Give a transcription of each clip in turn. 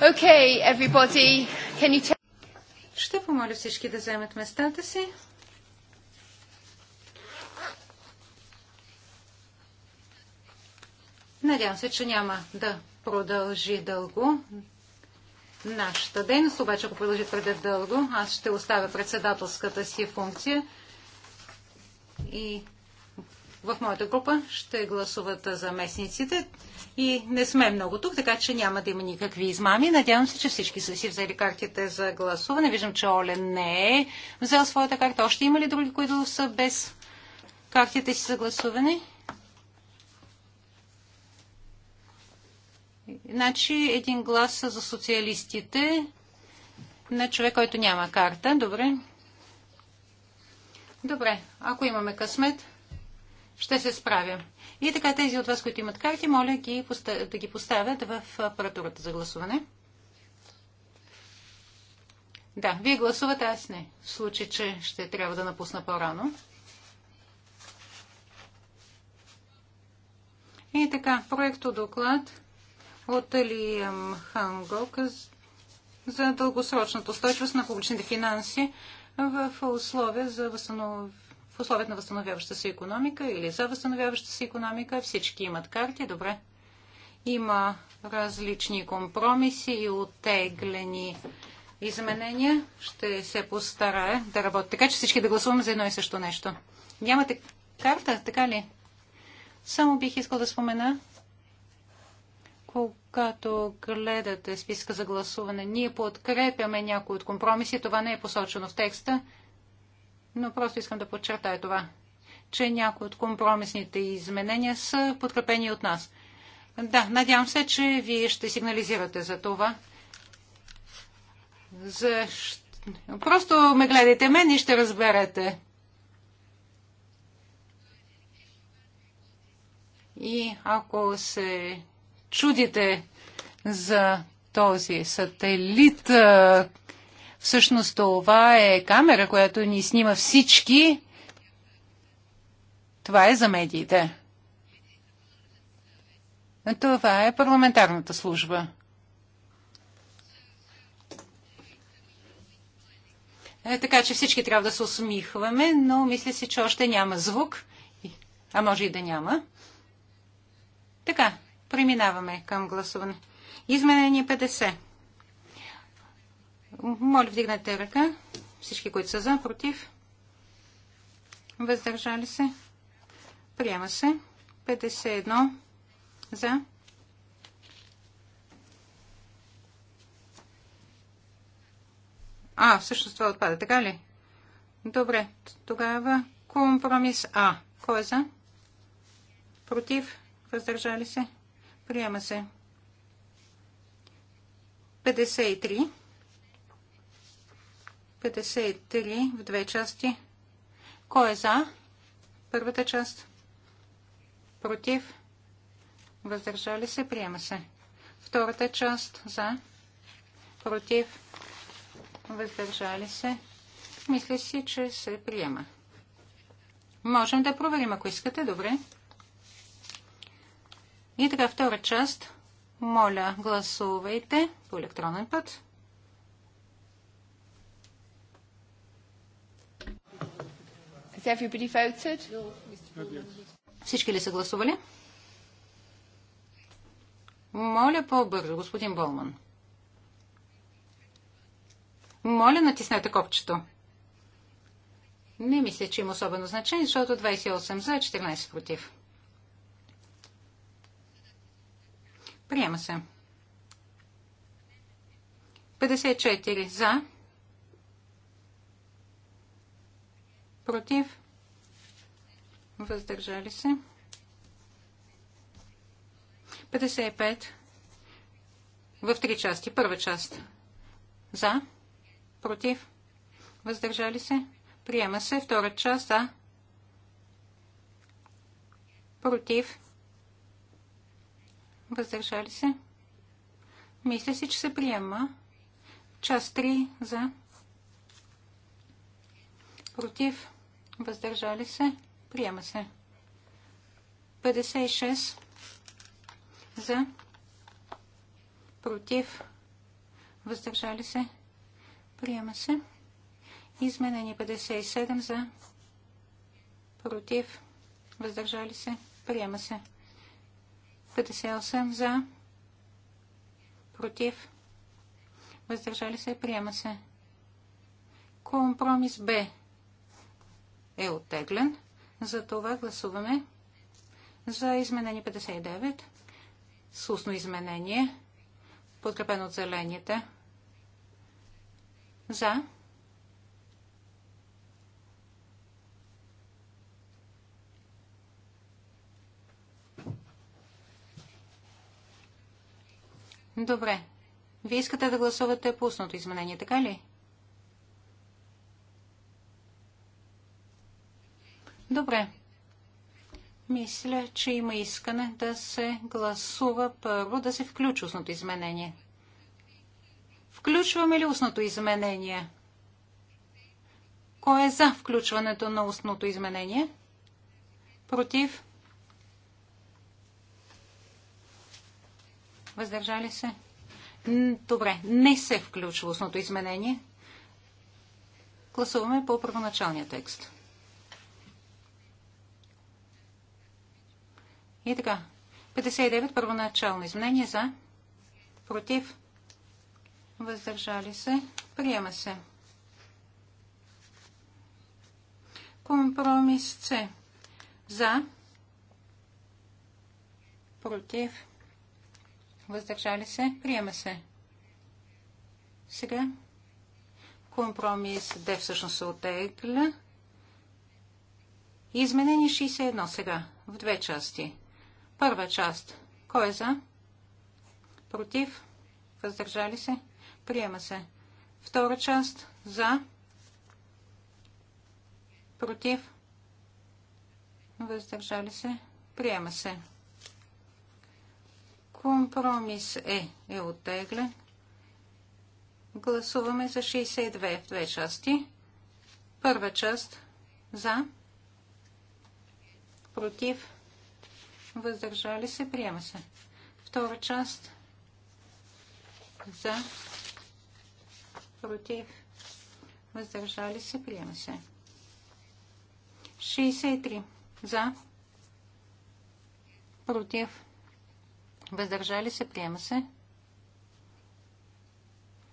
Okay, everybody, can you take... Ще помоля всички да вземат местата си. Надявам се, че няма да продължи дълго нашата дейност, обаче ако продължи преди дълго, аз ще оставя председателската си функция и в моята група ще гласуват местниците. и не сме много тук, така че няма да има никакви измами. Надявам се, че всички са си взели картите за гласуване. Виждам, че Олен не е взел своята карта. Още има ли други, които са без картите си за гласуване? Значи един глас за социалистите на човек, който няма карта. Добре. Добре, ако имаме късмет, ще се справя. И така тези от вас, които имат карти, моля ги, да ги поставят в апаратурата за гласуване. Да, вие гласувате, аз не. В случай, че ще трябва да напусна по-рано. И така, проекто доклад от Лиам Хангок за дългосрочната устойчивост на публичните финанси в условия за възстановяване в условията на възстановяваща се економика или за възстановяваща се економика. Всички имат карти, добре. Има различни компромиси и отеглени изменения. Ще се постарая да работя така, че всички да гласуваме за едно и също нещо. Нямате карта, така ли? Само бих искал да спомена, когато гледате списка за гласуване, ние подкрепяме някои от компромиси. Това не е посочено в текста но просто искам да подчертая това, че някои от компромисните изменения са подкрепени от нас. Да, надявам се, че вие ще сигнализирате за това. За... Просто ме гледайте мен и ще разберете. И ако се чудите за този сателит, Всъщност това е камера, която ни снима всички. Това е за медиите. Това е парламентарната служба. Е, така че всички трябва да се усмихваме, но мисля си, че още няма звук, а може и да няма. Така, преминаваме към гласуване. Изменение 50. Моля, вдигнете ръка. Всички, които са за, против. Въздържали се. Приема се. 51 за. А, всъщност това отпада, така ли? Добре, тогава компромис А. Кой е за? Против? Въздържали се? Приема се. 53. 53 в две части. Кой е за? Първата част. Против. Въздържали се. Приема се. Втората част. За. Против. Въздържали се. Мисля си, че се приема. Можем да проверим, ако искате. Добре. И така, втора част. Моля, гласувайте по електронен път. everybody voted? Всички ли са гласували? Моля по-бързо, господин Болман. Моля, натиснете копчето. Не мисля, че има особено значение, защото 28 за, 14 против. Приема се. 54 за, против, въздържали се. 55 в три части. Първа част за, против, въздържали се. Приема се втора част за, против, въздържали се. Мисля си, че се приема. Част 3 за, против, въздържали се, приема се. 56 за, против, въздържали се, приема се. Изменени 57 за, против, въздържали се, приема се. 58 за, против, въздържали се, приема се. Компромис Б е оттеглен. Затова гласуваме за изменение 59 с устно изменение, подкрепено от зелените. За. Добре. Вие искате да гласувате пусното изменение, така ли? Добре. Мисля, че има искане да се гласува първо, да се включи устното изменение. Включваме ли устното изменение? Кой е за включването на устното изменение? Против? Въздържали се? Добре, не се включва устното изменение. Гласуваме по първоначалния текст. И така. 59 първоначално изменение за. Против. Въздържали се. Приема се. Компромис С. За. Против. Въздържали се. Приема се. Сега. Компромис Д всъщност се отегля. Изменение 61 сега. В две части. Първа част. Кой е за? Против? Въздържали се? Приема се. Втора част. За? Против? Въздържали се? Приема се. Компромис Е е оттеглен. Гласуваме за 62 в две части. Първа част. За? Против? въздържали се, приема се. Втора част за, против, въздържали се, приема се. 63 за, против, въздържали се, приема се.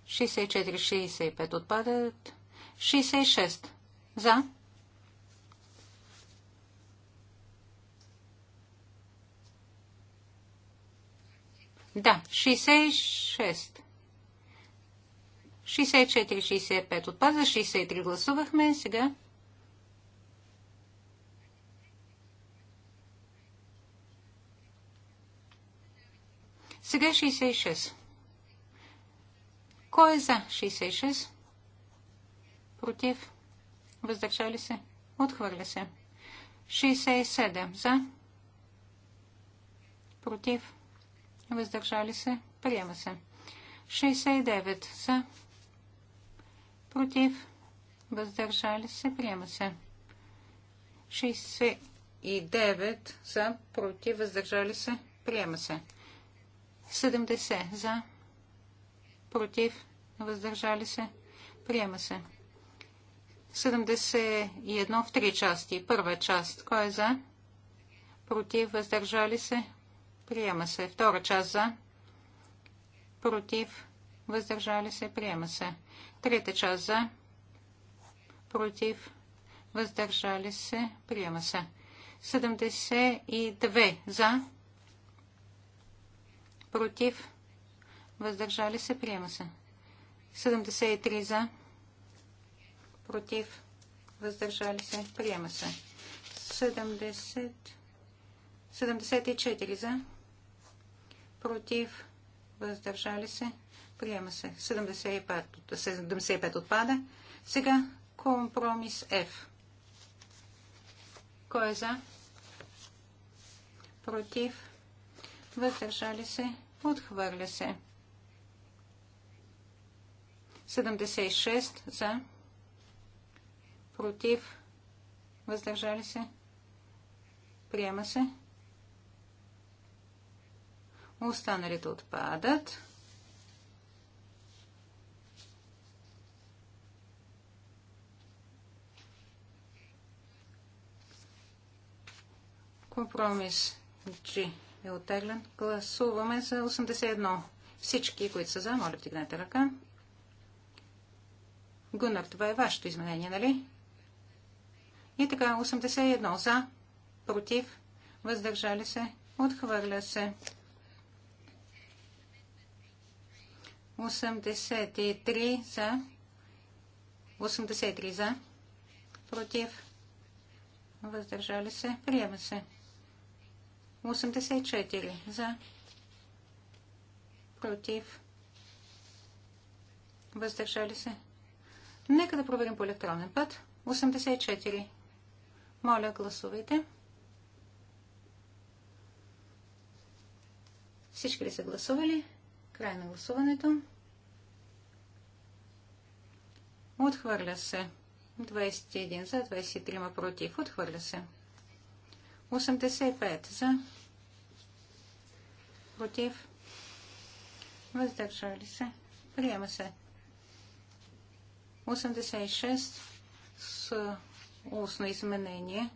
64-65 отпадат. 66 за, против, Да, 66. 64-65 отпада, 63 гласувахме, сега Сега 66. Кой е за 66? Против? Въздържали се? Отхвърля се. 67. За? Против? въздържали се, приема се. 69 за, против, въздържали се, приема се. 69 за, против, въздържали се, приема се. 70 за, против, въздържали се, приема се. 71 в три части. Първа част. Кой е за? Против, въздържали се, Приема се. Втора част за. Против. Въздържали се. Приема се. Трета част за. Против. Въздържали се. Приема се. 72 за. Против. Въздържали се. Приема се. 73 за. Против. Въздържали се. Приема се. 70. 74 за против, въздържали се, приема се. 75, 75 отпада. Сега компромис F. Кой е за? Против, въздържали се, отхвърля се. 76 за, против, въздържали се, приема се. Останалите отпадат. Компромис G е оттеглен. Гласуваме за 81. Всички, които са за, моля тигнете ръка. Гунар, това е вашето изменение, нали? И така, 81 за, против, въздържали се, отхвърля се. 83 за. 83 за. Против. Въздържали се. Приема се. 84 за. Против. Въздържали се. Нека да проверим по електронен път. 84. Моля, гласувайте. Всички ли са гласували? Край на гласуването. Отхвърля се. 21 за, 23 против. Отхвърля се. 85 за. Против. Въздържали се. Приема се. 86 с устно изменение.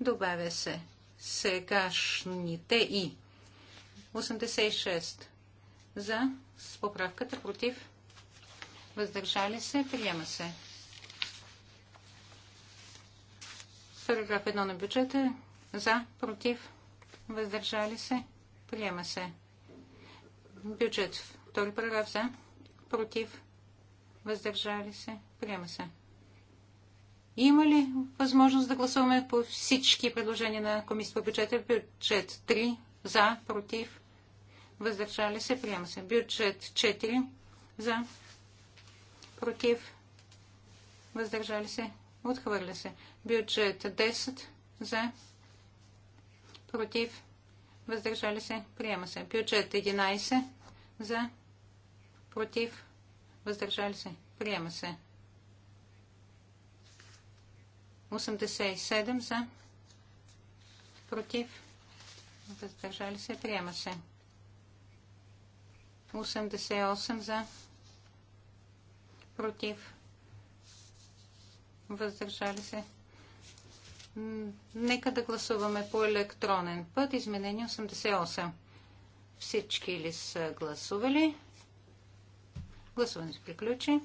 Добавя се сегашните и. 86 за с поправката против. Въздържали се. Приема се. Параграф 1 на бюджета. За, против, въздържали се. Приема се. Бюджет. Втори параграф за, против, въздържали се. Приема се. Има ли възможност да гласуваме по всички предложения на комисията по бюджета? Бюджет 3 за, против, въздържали се, приема се. Бюджет 4 за, против, въздържали се, отхвърля се. Бюджет 10 за, против, въздържали се, приема се. Бюджет 11 за, против, въздържали се, приема се. 87 за, против, въздържали се, приема се. 88 за, против, въздържали се. Нека да гласуваме по електронен път. Изменение 88. Всички ли са гласували? Гласуването приключи.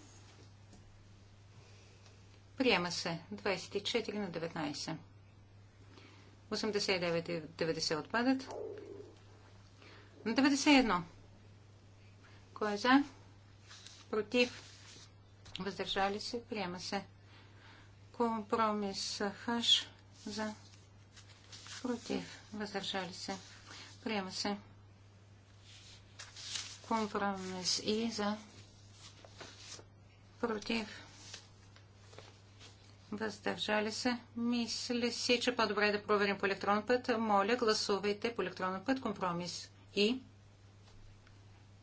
Приема се 24 на 19. 89 и 90 отпадат. 91 кой е за? Против? Въздържали се? Приема се. Компромис хаш за? Против? Въздържали се? Приема се. Компромис и за? Против? Въздържали се. Мисля си, че по-добре е да проверим по електронен път. Моля, гласувайте по електронен път компромис. И?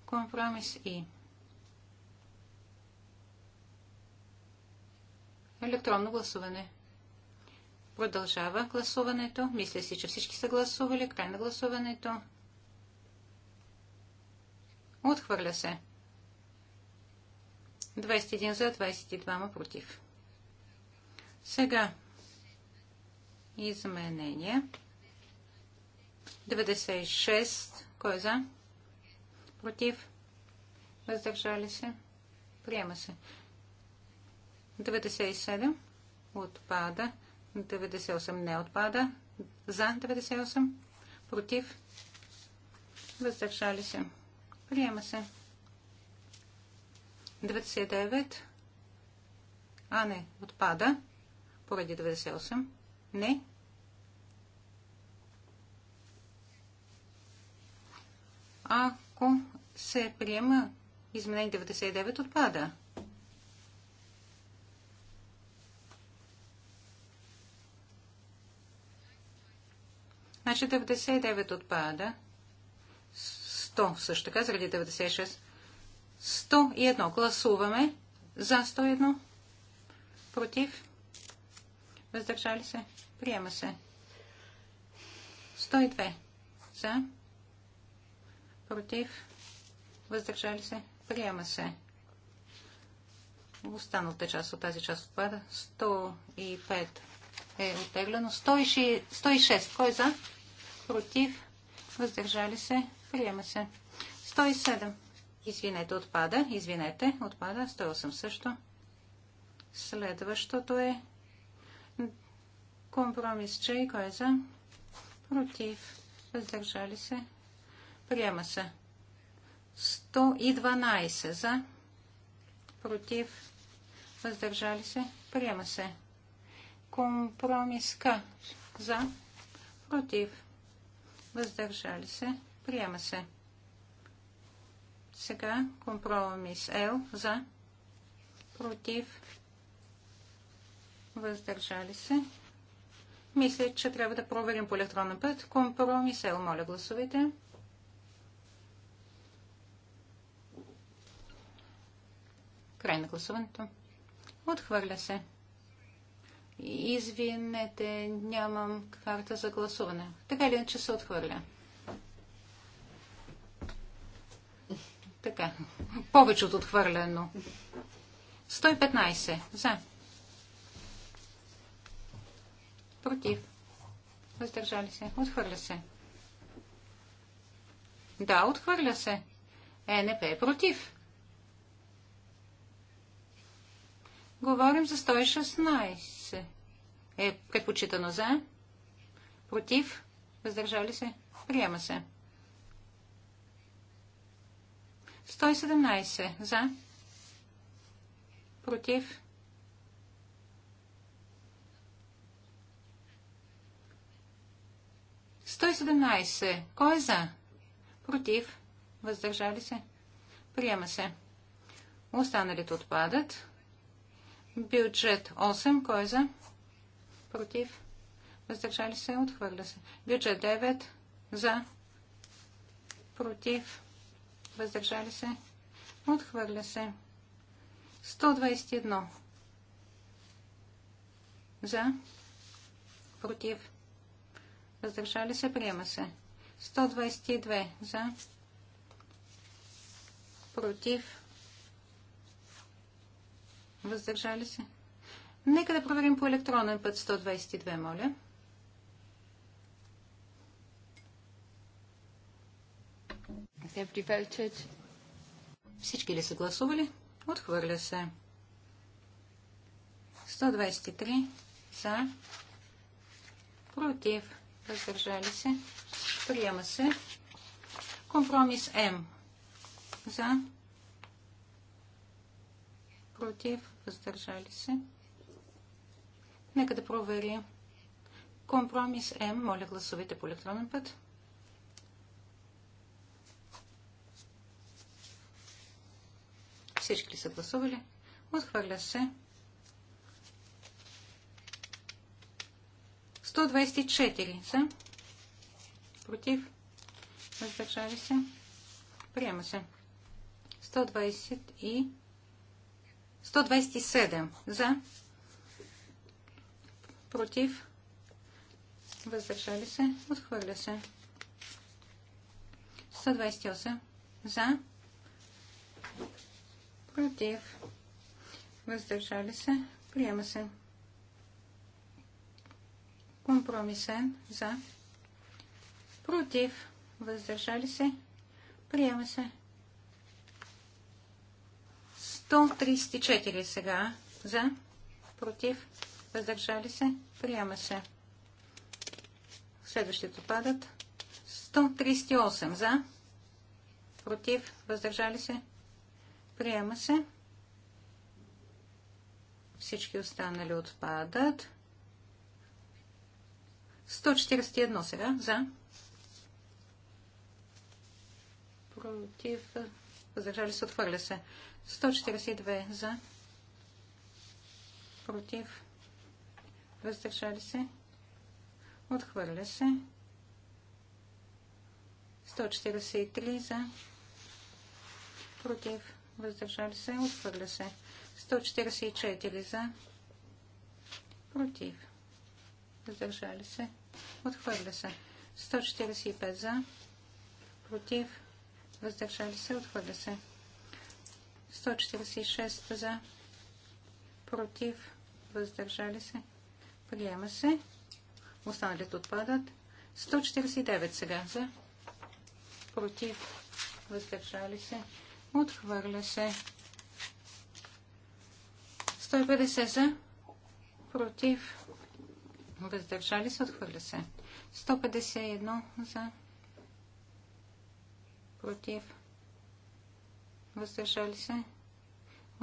Компромис И. Електронно гласуване. Продължава гласуването. Мисля си, че всички са гласували. Край на гласуването. Отхвърля се. 21 за, 22 ма против. Сега изменения. 96. Кой е за? против, въздържали се, приема се. 97 отпада, 98 не отпада, за 98, против, въздържали се, приема се. 99, а не, отпада, поради 98, не, А ако се приема изменение 99, отпада. Значи 99 отпада. 100 също така, заради 96. 101. Гласуваме за 101. Против. Въздържали се. Приема се. 102. За против, въздържали се, приема се. Останалата част от тази част отпада. 105 е оттеглено. 106. Кой е за? Против, въздържали се, приема се. 107. Извинете, отпада. Извинете, отпада. 108 също. Следващото е компромис и Кой е за? Против. Въздържали се. Приема се. 112 за. Против. Въздържали се. Приема се. Компромиска. За. Против. Въздържали се. Приема се. Сега компромис Л. За. Против. Въздържали се. Мисля, че трябва да проверим по електронен път. Компромис Л. Моля, гласувайте. Край на гласуването. Отхвърля се. Извинете, нямам карта за гласуване. Така или че се отхвърля. Така. Повече от отхвърлено. 115. За. Против. Въздържали се. Отхвърля се. Да, отхвърля се. ЕНП е против. Говорим за 116. Е предпочитано за. Против. Въздържали се. Приема се. 117. За. Против. Сто Кой е за? Против. Въздържали се. Приема се. Останалите отпадат. Бюджет 8. Кой е за? Против. Въздържали се. Отхвърля се. Бюджет 9. За. Против. Въздържали се. Отхвърля се. 121. За. Против. Въздържали се. Приема се. 122. За. Против. Въздържали се? Нека да проверим по електронен път 122, моля. Всички ли са гласували? Отхвърля се. 123 за, против, въздържали се, приема се. Компромис М за, против, въздържали се. Нека да проверя. Компромис М. Моля гласовете по електронен път. Всички ли са гласували? Отхвърля се. 124 са. Против. Въздържали се. Приема се. и... 127 за, против, въздържали се, отхвърля се. 128 за, против, въздържали се, приема се. Компромисен за, против, въздържали се, приема се. 134 сега за, против, въздържали се, приема се. Следващите падат. 138 за, против, въздържали се, приема се. Всички останали отпадат. 141 сега за, против, въздържали се, отхвърля се. 142 за, против, въздържали се, отхвърля се. 143 за, против, въздържали се, отхвърля се. 144 за, против, въздържали се, отхвърля се. 145 за, против, въздържали се, отхвърля се. 146 за, против, въздържали се, приема се. Останалите отпадат. 149 сега за, против, въздържали се, отхвърля се. 150 за, против, въздържали се, отхвърля се. 151 за, против, въздържали се.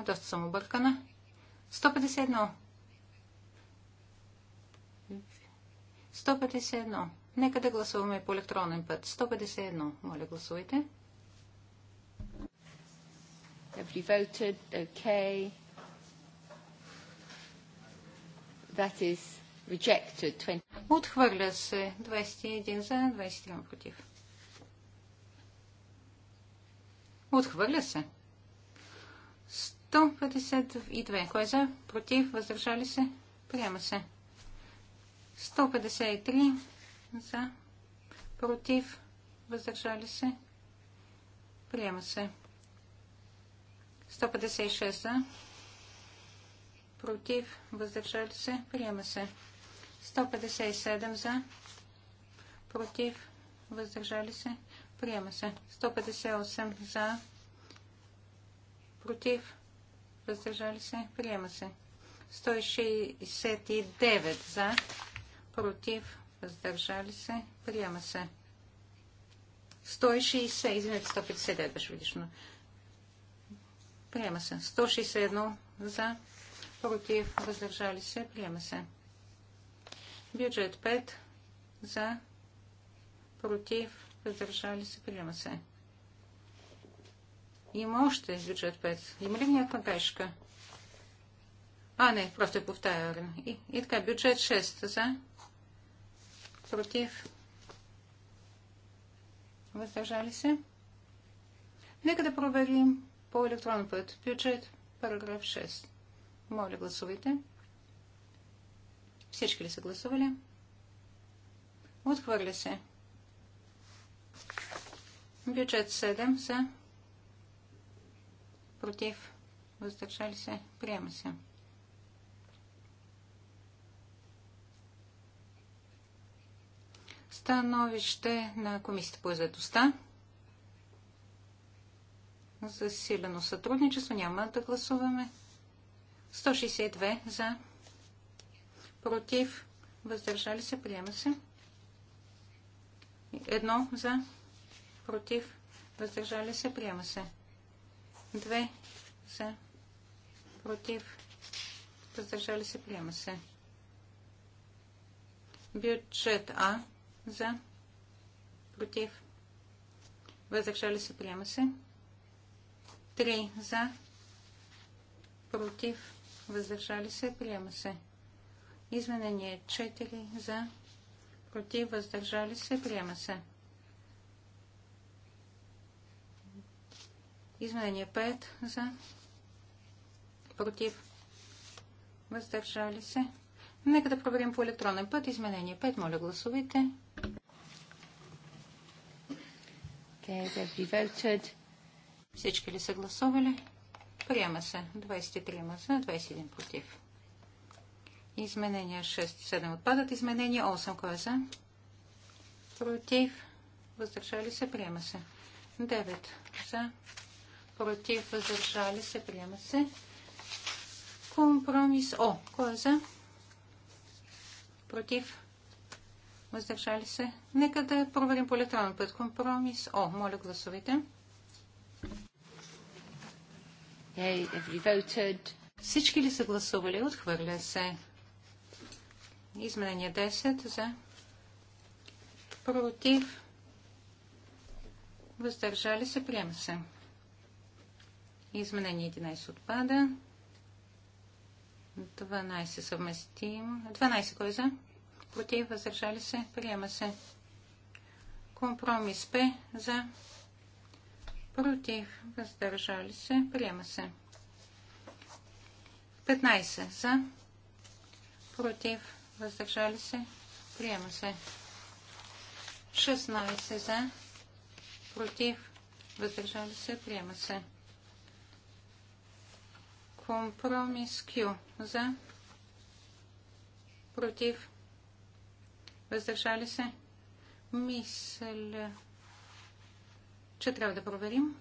Доста съм объркана. 151. 151. Нека да гласуваме по електронен път. 151. Моля, гласувайте. Everybody voted? Okay. That is rejected. 20... Отхвърля се 21 за, 23 против. Отхвърля се. 152. Кой е за? Против? Въздържали се? Приема се. 153 за. Против? Въздържали се? Приема се. 156 за. Против? Въздържали се? Приема се. 157 за. Против? Въздържали се? Приема се. 158 за. Против. Въздържали се. Приема се. 169 за. Против. Въздържали се. Приема се. 160. Извинете, 159 беше видишно. Приема се. 161 за. Против. Въздържали се. Приема се. Бюджет 5 за. Против въздържали се, приема се. Има още бюджет 5. Има ли някаква грешка? А, не, просто е повтарям. И, и така, бюджет 6 за, против, въздържали се. Нека да проверим по електронен път. Бюджет, параграф 6. Моля, гласувайте. Всички ли са гласували? Отхвърля се. Бюджет 7 за. Против. Въздържали се. Приема се. Становище на Комисията по заедостта. Засилено сътрудничество. Няма да гласуваме. 162 за. Против. Въздържали се. Приема се. Едно за, против, въздържали се, приема се. Две за, против, въздържали се, приема се. Бюджет А за, против, въздържали се, приема се. Три за, против, въздържали се, приема се. Изменение 4 за, против, въздържали се, приема се. Изменение 5 за против, въздържали се. Нека да проверим по електронен път. Изменение 5. Моля, гласовите. Всички ли са гласували? Приема се. 23 за, 21 против. Изменения 6 и 7 отпадат. Изменение 8. Кой е за? Против. Въздържали се. Приема се. 9. За. Против. Въздържали се. Приема се. Компромис О. Кой е за? Против. Въздържали се. Нека да проверим по електронен път. Компромис О. Моля гласовете. Всички ли са гласували? Отхвърля се. Изменение 10 за против въздържали се, приема се. Изменение 11 отпада. 12 съвместим. 12 кой е за? Против, въздържали се, приема се. Компромис П за. Против, въздържали се, приема се. 15 за. Против, въздържали се, приема се. 16 за, против, въздържали се, приема се. Компромис Q за, против, въздържали се. Мисля, че трябва да проверим.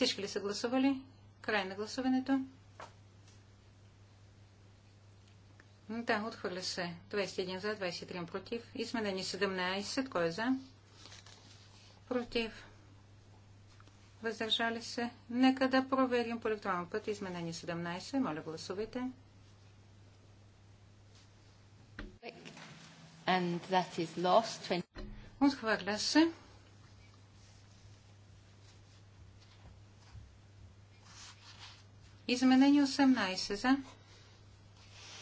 Всички ли са гласували? Край на гласуването. Да, отхвърля се. 21 за, 23 против. Изменени 17. Кой е за? Против. Въздържали се. Нека да проверим по електронен път. Изменени 17. Моля, гласувайте. And that is lost. Отхвърля се. Изменение 18 за.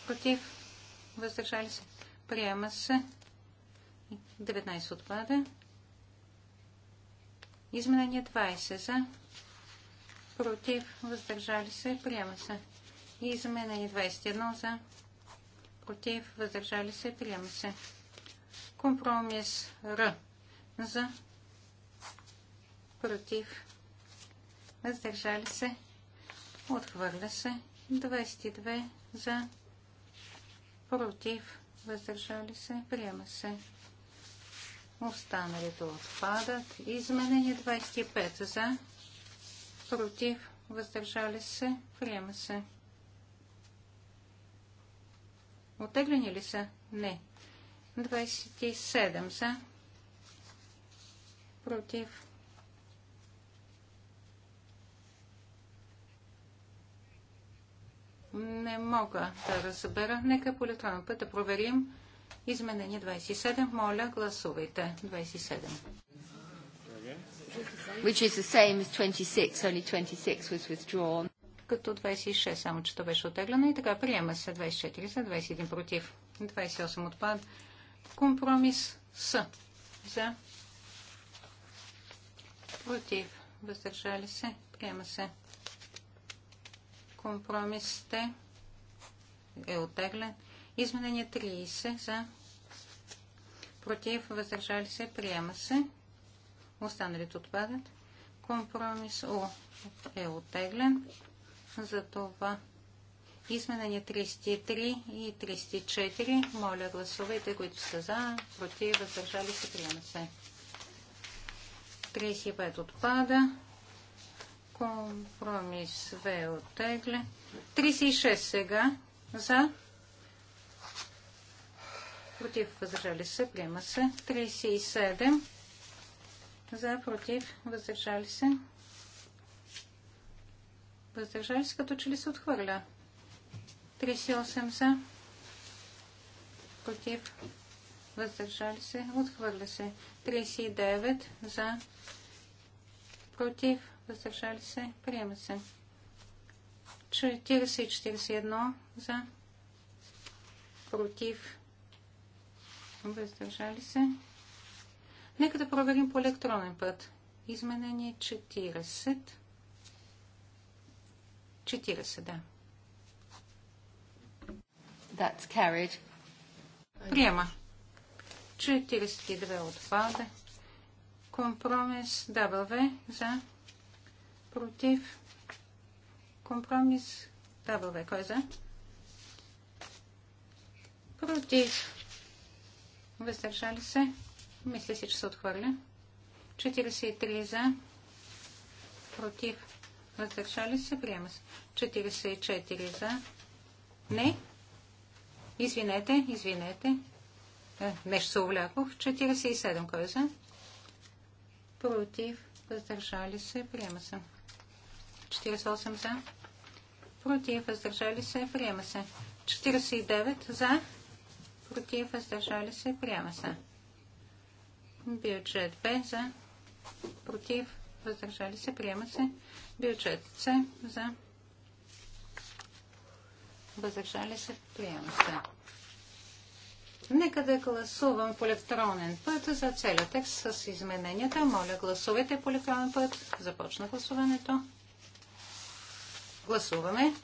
Против. Въздържали се. Приема се. 19 отпада. Изменение 20 за. Против. Въздържали се. Приема се. изменение 21 за. Против. Въздържали се. Приема се. Компромис Р. За. Против. Въздържали се. Отхвърля се. 22 за. Против. Въздържали се. Приема се. Останалите отпадат. Изменение 25 за. Против. Въздържали се. Приема се. Отеглени ли са? Не. 27 за. Против. не мога да разбера. Нека по електронен път да проверим. Изменение 27. Моля, гласувайте. 27. Which is the same as 26, only 26 was withdrawn. Като 26, само че то беше отеглено и така приема се 24 за 21 против. 28 отпад. Компромис С. За. Против. Въздържали се. Приема се компромисите е отеглен. Изменение 30 за против, въздържали се, приема се. Останалите отпадат. Компромис О е За Затова изменение 33 и 34. Моля, гласувайте, които са за, против, въздържали се, приема се. 35 отпада. Компромис В оттегля. 36 сега за. Против въздържали се. Приема се. 37 за. Против въздържали се. Въздържали се като че ли се отхвърля. 38 за. Против въздържали се. Отхвърля се. 39 за. Против въздържали се, приема се. 40 и 41 за, против, въздържали се. Нека да проверим по електронен път. Изменение 40. 40, да. That's carried. Приема. 42 отпада. Компромис W за против, компромис, W, кой е за? Против, въздържали се, мисля си, че се отхвърля. 43 за, против, въздържали се, приема се. 44 за, не, извинете, извинете, е, нещо се увлякох. 47 кой е за? Против, въздържали се, приема се. 48 за. Против. Въздържали се. Приема се. 49 за. Против. Въздържали се. Приема се. Бюджет Б за. Против. Въздържали се. Приема се. Бюджет С за. Въздържали се. Приема се. Нека да гласувам по електронен път за целият текст с измененията. Моля, гласувайте по електронен път. Започна гласуването. Гласуваме.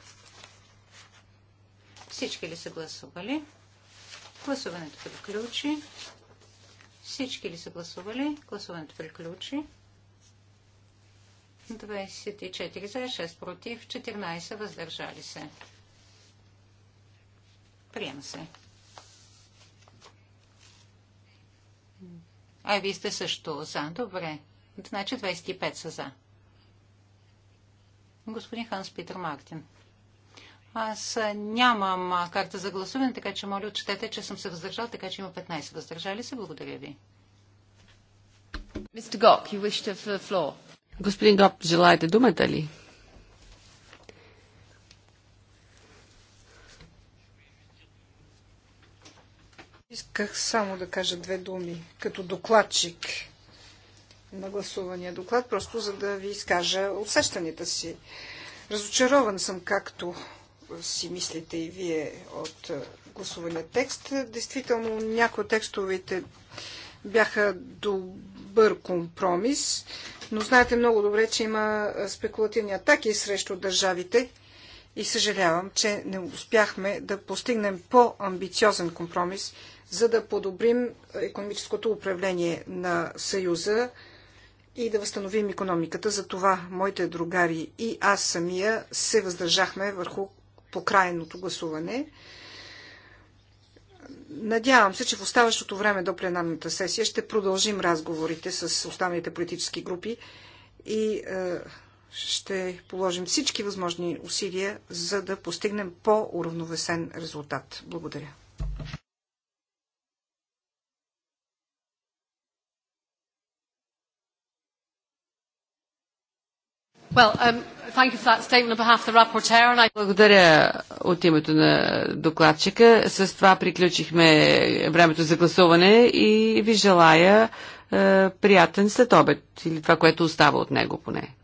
Всички ли са гласували? Гласуването приключи. Всички ли са гласували? Гласуването приключи. 24 за, 6 против, 14 въздържали се. Приема се. А вие сте също за. Добре. Значи 25 са за. Господин Ханс Питер Мартин. Аз нямам карта за гласуване, така че моля отчетете, че съм се въздържал, така че има 15 въздържали се. Благодаря ви. Господин Гок, желаете думата ли? Исках само да кажа две думи като докладчик на гласувания доклад, просто за да ви изкажа усещанията си. Разочарован съм, както си мислите и вие от е, гласувания текст. Действително, някои от текстовете бяха добър компромис, но знаете много добре, че има е, спекулативни атаки срещу държавите и съжалявам, че не успяхме да постигнем по-амбициозен компромис, за да подобрим е, економическото управление на Съюза и да възстановим економиката. За това моите другари и аз самия се въздържахме върху покрайното гласуване. Надявам се, че в оставащото време до пленарната сесия ще продължим разговорите с останалите политически групи и е, ще положим всички възможни усилия, за да постигнем по-уравновесен резултат. Благодаря. Well, um, I... Благодаря от името на докладчика. С това приключихме времето за гласуване и ви желая е, приятен след обед или това, което остава от него поне.